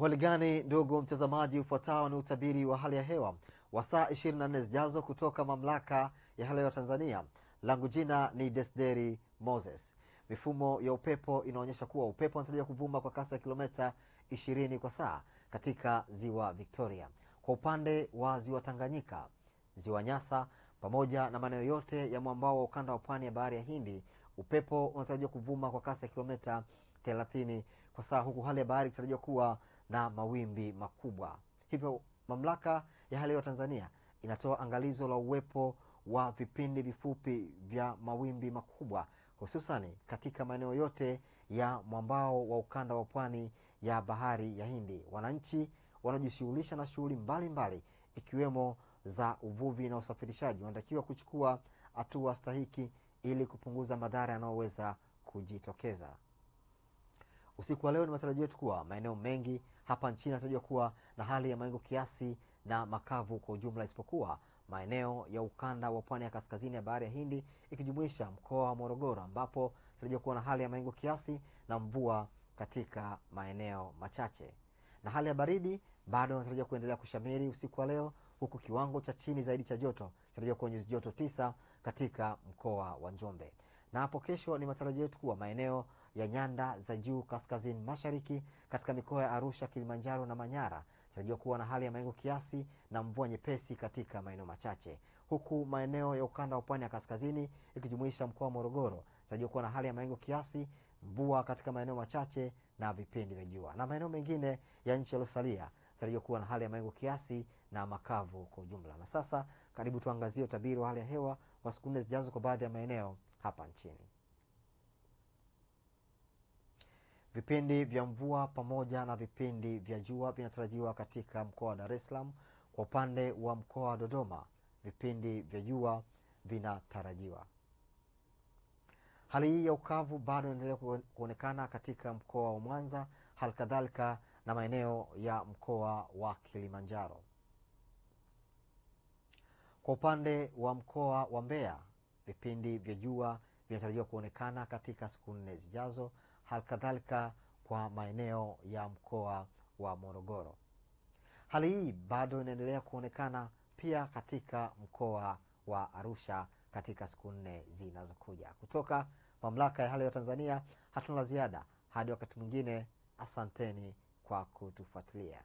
Hali gani ndugu mtazamaji, ufuatao ni utabiri wa hali ya hewa wa saa 24 zijazo kutoka mamlaka ya hali ya Tanzania. Langu jina ni Desderi Moses. Mifumo ya upepo inaonyesha kuwa upepo unatarajiwa kuvuma kwa kasi ya kilomita 20 kwa saa katika ziwa Victoria, kwa upande wa ziwa Tanganyika, ziwa Nyasa pamoja na maeneo yote ya mwambao wa ukanda wa pwani ya bahari ya Hindi Upepo unatarajiwa kuvuma kwa kasi ya kilomita 30 kwa saa, huku hali ya bahari ikitarajiwa kuwa na mawimbi makubwa. Hivyo mamlaka ya hali ya Tanzania inatoa angalizo la uwepo wa vipindi vifupi vya mawimbi makubwa hususani katika maeneo yote ya mwambao wa ukanda wa pwani ya bahari ya Hindi. Wananchi wanaojishughulisha na shughuli mbalimbali ikiwemo za uvuvi na usafirishaji wanatakiwa kuchukua hatua stahiki ili kupunguza madhara yanayoweza kujitokeza. Usiku wa leo ni matarajio yetu kuwa maeneo mengi hapa nchini yanatarajiwa kuwa na hali ya mawingu kiasi na makavu kwa ujumla, isipokuwa maeneo ya ukanda wa pwani ya kaskazini ya bahari ya Hindi ikijumuisha mkoa wa Morogoro, ambapo inatarajiwa kuwa na hali ya mawingu kiasi na mvua katika maeneo machache, na hali ya baridi bado inatarajiwa kuendelea kushamiri usiku wa leo huku kiwango cha chini zaidi cha joto kinatarajiwa kuwa nyuzi joto tisa katika mkoa wa Njombe. Na hapo kesho ni matarajio yetu kuwa maeneo ya nyanda za juu kaskazini mashariki katika mikoa ya Arusha, Kilimanjaro na Manyara inatarajiwa kuwa na hali ya mawingu kiasi na mvua nyepesi katika maeneo machache, huku maeneo ya ukanda wa pwani ya kaskazini ikijumuisha mkoa wa Morogoro inatarajiwa kuwa na hali ya mawingu kiasi, mvua katika maeneo machache na vipindi vya jua, na maeneo mengine ya nchi yaliyosalia tarajiwa kuwa na hali ya mawingu kiasi na makavu kwa ujumla. Na sasa karibu tuangazie utabiri wa hali ya hewa wa siku nne zijazo kwa baadhi ya maeneo hapa nchini. Vipindi vya mvua pamoja na vipindi vya jua vinatarajiwa katika mkoa wa Dar es Salaam. Kwa upande wa mkoa wa Dodoma, vipindi vya jua vinatarajiwa. Hali hii ya ukavu bado inaendelea kuonekana katika mkoa wa Mwanza, halikadhalika na maeneo ya mkoa wa Kilimanjaro. Kwa upande wa mkoa wa Mbeya, vipindi vya jua vinatarajiwa kuonekana katika siku nne zijazo, halikadhalika kwa maeneo ya mkoa wa Morogoro. Hali hii bado inaendelea kuonekana pia katika mkoa wa Arusha katika siku nne zinazokuja. Kutoka Mamlaka ya Hali ya Tanzania hatuna la ziada hadi wakati mwingine, asanteni kwa kutufuatilia.